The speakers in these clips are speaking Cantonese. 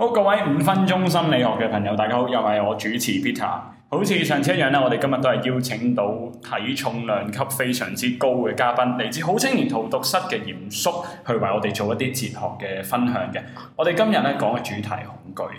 好，各位五分鐘心理學嘅朋友，大家好，又係我主持 Peter。好似上次一樣咧，我哋今日都係邀請到體重量級非常之高嘅嘉賓，嚟自好青年荼毒室嘅鹽叔，去為我哋做一啲哲學嘅分享嘅。我哋今日咧講嘅主題恐懼。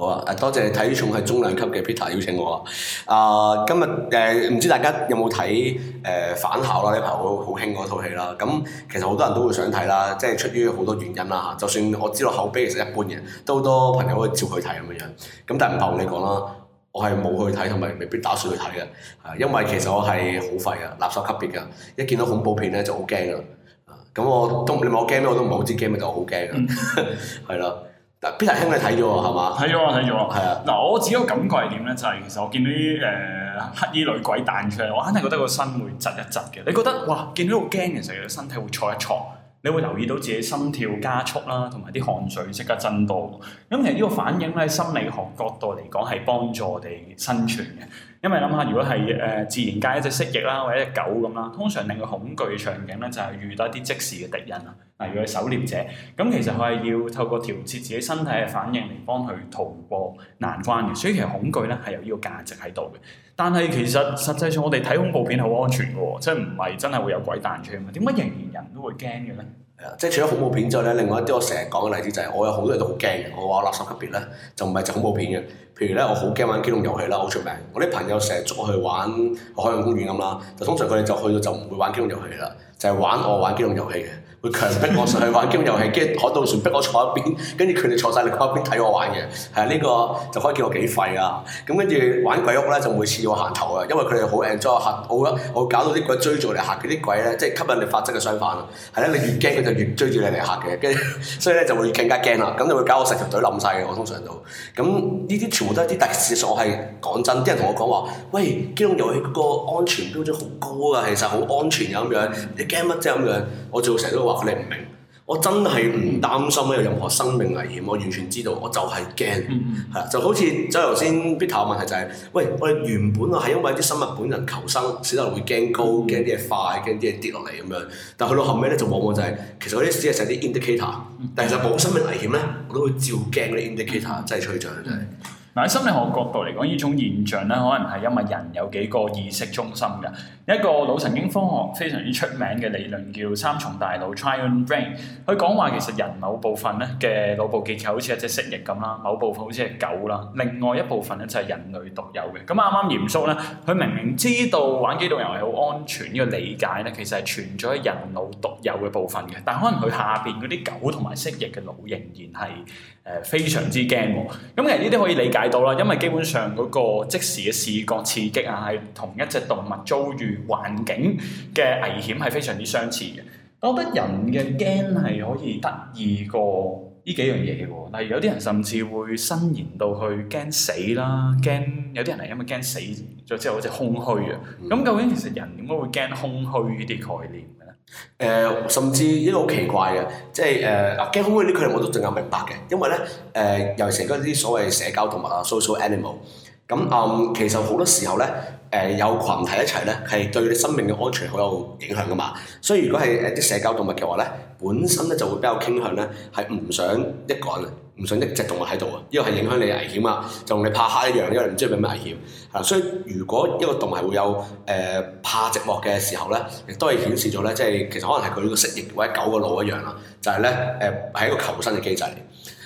好啊！誒，多謝睇重係中量級嘅 Peter 邀請我啊！啊，今日誒，唔、呃、知大家有冇睇誒返校啦？呢排好好興嗰套戲啦。咁、嗯、其實好多人都會想睇啦，即係出於好多原因啦嚇。就算我知道口碑其實一般嘅，都好多朋友都會照去睇咁樣樣。咁、嗯、但係唔同你講啦，我係冇去睇同埋未必打算去睇嘅，係、啊、因為其實我係好廢嘅垃圾級別嘅，一見到恐怖片咧就好驚啊！咁我都你問我驚咩？我都唔係好知驚咩，就我好驚啊！係、啊、咯。啊邊日兄，你睇咗喎，係嘛？睇咗 啊，睇咗啊。嗱，我自己個感覺係點咧？就係、是、其實我見到啲誒黑衣女鬼彈出嚟，我肯定覺得個身會窒一窒嘅。你覺得哇，見到好驚嘅時候，個身體會錯一錯。你會留意到自己心跳加速啦，同埋啲汗水即刻增多。咁其實呢個反應咧，喺心理學角度嚟講係幫助我哋生存嘅。因為諗下，如果係誒、呃、自然界一隻蜥蜴啦，或者一隻狗咁啦，通常令佢恐懼嘅場景咧就係遇到一啲即時嘅敵人啊，嗱，例如狩獵者。咁其實佢係要透過調節自己身體嘅反應嚟幫佢逃過難關嘅。所以其實恐懼咧係有呢個價值喺度嘅。但係其實實際上我哋睇恐怖片好安全嘅喎，即係唔係真係會有鬼彈出嚟啊，點解仍然人都會驚嘅咩？係啊！即係除咗恐怖片之外，咧，另外一啲我成日講嘅例子就係，我有好多嘢都好驚嘅。我話我垃圾級別咧，就唔係就恐怖片嘅。譬如咧，我好驚玩機動遊戲啦，好出名。我啲朋友成日捉我去玩海洋公園咁啦，就通常佢哋就去到就唔會玩機動遊戲啦，就係、是、玩我玩機動遊戲嘅，會強迫我上去玩機動遊戲，跟住海盜船逼我坐一邊，跟住佢哋坐晒你嗰一邊睇我玩嘅，係啊，呢個就可以叫我幾廢啊！咁跟住玩鬼屋咧，就每次要我行頭啊，因為佢哋好 enjoy 嚇，我覺得我搞到啲鬼追住我嚟嚇，嗰啲鬼咧即係吸引力法則嘅相反啊，係咧，你越驚佢就越追住你嚟嚇嘅，跟住所以咧就會更加驚啦，咁就會搞到我成條隊冧晒嘅，我通常都，咁呢啲全。好多啲，但係事實我係講真，啲人同我講話，喂，機動遊戲個安全標準好高啊，其實好安全嘅咁樣，你驚乜啫咁樣？我仲成日都話，你唔明，我真係唔擔心有任何生命危險，我完全知道，我就係驚，係啦、嗯，就好似即係頭先 Peter 問題就係、是，喂，我哋原本啊係因為啲生物本能求生，所以可能會驚高，驚啲嘢快，驚啲嘢跌落嚟咁樣，但去到後尾咧就往往就係、是，其實嗰啲只係成啲 indicator，但其實冇生命危險咧，我都會照驚啲 indicator，真係吹漲真係。嗯。嗱，喺心理學角度嚟講，呢種現象咧，可能係因為人有幾個意識中心嘅。一個腦神經科學非常之出名嘅理論叫三重大腦 t r y u n e brain）。佢講話其實人某部分咧嘅腦部結構好似一隻蜥蜴咁啦，某部分好似係狗啦，另外一部分咧就係人類獨有嘅。咁啱啱嚴叔咧，佢明明知道玩機動遊係好安全，呢、這個理解咧其實係存在喺人腦獨有嘅部分嘅，但可能佢下邊嗰啲狗同埋蜥蜴嘅腦仍然係。誒非常之驚喎，咁其實呢啲可以理解到啦，因為基本上嗰個即時嘅視覺刺激啊，係同一隻動物遭遇環境嘅危險係非常之相似嘅。我覺得人嘅驚係可以得意過呢幾樣嘢喎，例如有啲人甚至會伸延到去驚死啦，驚有啲人係因為驚死咗之後好似空虛啊。咁、嗯、究竟其實人點解會驚空虛呢啲概念咧？誒、呃，甚至呢個好奇怪嘅，即係誒，啊、呃、驚恐呢啲佢哋我都仲有明白嘅，因為咧誒、呃，尤其是啲所謂社交動物啊，social animal，咁嗯，其實好多時候咧，誒、呃、有群體一齊咧，係對你生命嘅安全好有影響噶嘛，所以如果係誒啲社交動物嘅話咧，本身咧就會比較傾向咧係唔想一個人。唔想一隻動物喺度啊！呢個係影響你危險啊，就同你怕黑一樣，因為唔知有咩危險啊。所以如果一個動物係會有誒、呃、怕寂寞嘅時候咧，亦都係顯示咗咧，即係其實可能係佢個適應或者狗個腦一樣啦，就係咧誒係一個求生嘅機制。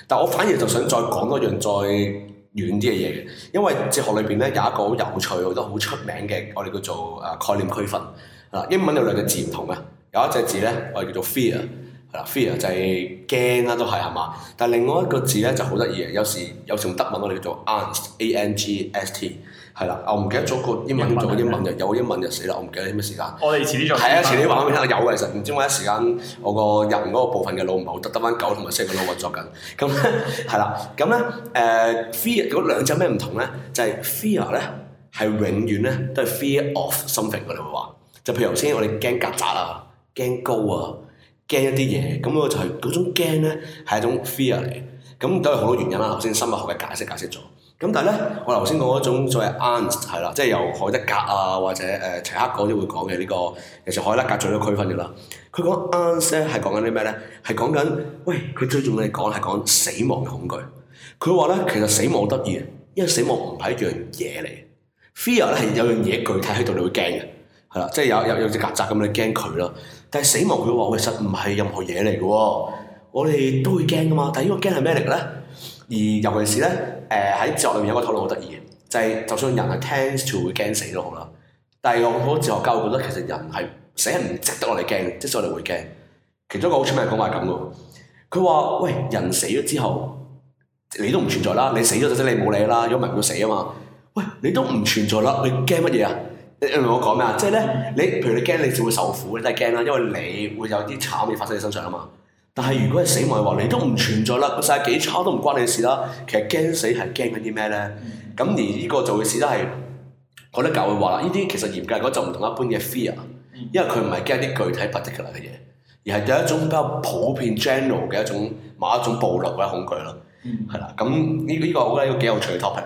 但我反而就想再講多樣再遠啲嘅嘢，嘅，因為哲學裏邊咧有一個好有趣、我覺得好出名嘅，我哋叫做誒概念區分啊。英文有兩隻字唔同啊，有一隻字咧我哋叫做 fear。嗱，fear 就係驚啦，都係係嘛。但係另外一個字咧就好得意嘅，有時有時用德文我哋叫做 angst，a n、g、s t，係啦。我唔記得咗個英文叫做英、英文就有英文就死啦。我唔記得啲咩時間。我哋遲啲再係啊，遲啲話畀你聽啊。有嘅，其實唔知點解一時間我個人嗰個部分嘅腦唔係好得，得翻狗個、嗯 嗯、fear，同埋蛇嘅腦運作緊。咁咧係啦，咁咧誒，fear 嗰兩隻咩唔同咧？就係、是、fear 咧係永遠咧都係 fear of something，我哋會話就譬如頭先我哋驚曱甴啊，驚高啊。驚一啲嘢，咁咯就係、是、嗰種驚咧係一種 fear 嚟嘅，咁都係好多原因啦。頭先生物學嘅解釋解釋咗，咁但係咧，我頭先講嗰種所謂 Angst 係啦，即係由海德格啊或者誒、呃、齊克嗰啲會講嘅呢個，其實海德格最都區分嘅啦。佢講 Angst 咧係講緊啲咩咧？係講緊，喂，佢最重要係講係講死亡嘅恐懼。佢話咧其實死亡好得意，因為死亡唔係一樣嘢嚟，fear 咧係有樣嘢具體喺度，你會驚嘅，係啦，即係有有有隻曱甴咁你驚佢咯。但係死亡，佢話其實唔係任何嘢嚟嘅喎，我哋都會驚噶嘛。但係呢個驚係咩嚟嘅咧？而尤其是咧，誒喺哲學裏面有個討論好得意嘅，就係、是、就算人係聽，佢會驚死都好啦，但二但係我好多哲學家會覺得其實人係死係唔值得我哋驚，即使我哋會驚。其中一個好出名講法係咁嘅，佢話：喂，人死咗之後，你都唔存在啦。你死咗就即係你冇嘢啦，因為唔會死啊嘛。喂，你都唔存在啦，你驚乜嘢啊？你明我講咩啊？即係咧，你譬如你驚，你就會受苦你都係驚啦，因為你會有啲慘嘢發生喺你身上啊嘛。但係如果係死亡嘅話，你都唔存在啦，世界幾差都唔關你事啦。其實驚死係驚緊啲咩咧？咁、嗯、而呢個就會似得係，我覺得教會話啦，呢啲其實嚴格嚟講就唔同一般嘅 fear，因為佢唔係驚啲具體 particular 嘅嘢，而係有一種比較普遍 general 嘅一種某一種暴露嘅恐懼咯。係啦、嗯，咁呢呢個好咧，幾有趣嘅 topic。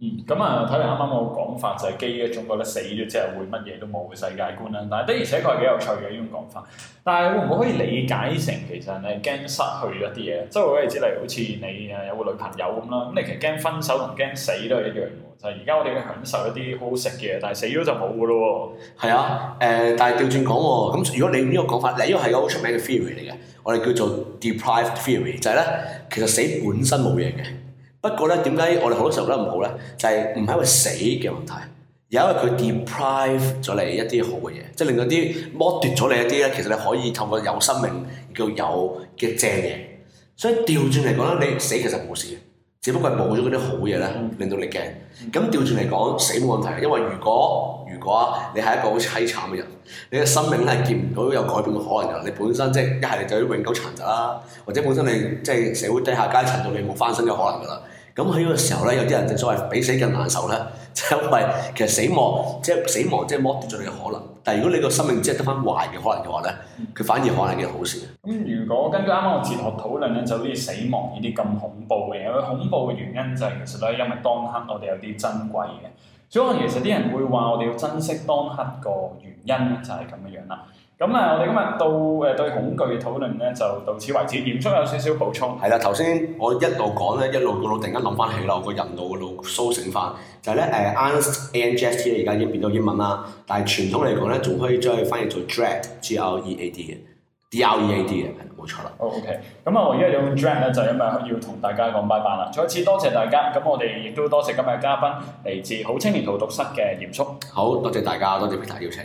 嗯，咁啊，睇嚟啱啱我講法就係、是、基於一種覺得死咗之後會乜嘢都冇嘅世界觀啦。但的而且確係幾有趣嘅呢種講法。但係會唔會可以理解成其實你係驚失去一啲嘢？即係我哋知，例如好似你誒有個女朋友咁啦，咁你其實驚分手同驚死都係一樣嘅。就係而家我哋享受一啲好好食嘅嘢，但係死咗就冇嘅咯喎。係啊，誒、呃，但係調轉講喎，咁如果你呢個講法，你、這、呢個係個好出名嘅 theory 嚟嘅，我哋叫做 deprived theory，就係咧，其實死本身冇嘢嘅。不過呢，點解我哋好多時候覺得唔好呢？就係唔係因為死嘅問題，而係因為佢 deprive 咗你一啲好嘅嘢，即係令嗰啲剝奪咗你一啲呢，其實你可以透過有生命叫有嘅正嘢。所以調轉嚟講呢，你死其實冇事，只不過係冇咗嗰啲好嘢呢，令到你驚。咁調轉嚟講，死冇問題，因為如果如果你係一個好淒慘嘅人，你嘅生命咧見唔到有改變嘅可能嘅，你本身即係一係就已經永久殘疾啦，或者本身你即係社會低下階層，做你冇翻身嘅可能㗎啦。咁喺呢個時候咧，有啲人就所謂比死更難受咧，就係因為其實死亡即係、就是、死亡，即係剝奪咗你嘅可能。但係如果你個生命即係得翻壞嘅可能嘅話咧，佢反而可能係件好事。咁、嗯、如果根據啱啱我哲學討論咧，就好似死亡呢啲咁恐怖嘅嘢。佢恐怖嘅原因就係其實咧，因為當刻我哋有啲珍貴嘅，所以其實啲人會話我哋要珍惜當刻個原因咧，就係、是、咁嘅樣啦。咁啊，我哋今日到誒對恐懼嘅討論咧，就到此為止。嚴叔有少少補充。係啦，頭先我一路講咧，一路個腦突然間諗翻起啦，我個人腦個腦甦醒翻，就係咧誒，an angst 而家已經變咗英文啦。但係傳統嚟講咧，仲可以將佢翻譯做 dread，d r e a d 嘅，d r e a d 嘅，冇錯啦。O K，咁啊，我而家有 dread 咧，就因為要同大家講拜拜啦。再次多謝大家，咁我哋亦都多謝今日嘉賓嚟自好青年圖讀室嘅嚴叔。好多謝大家，多謝 Peter 邀請。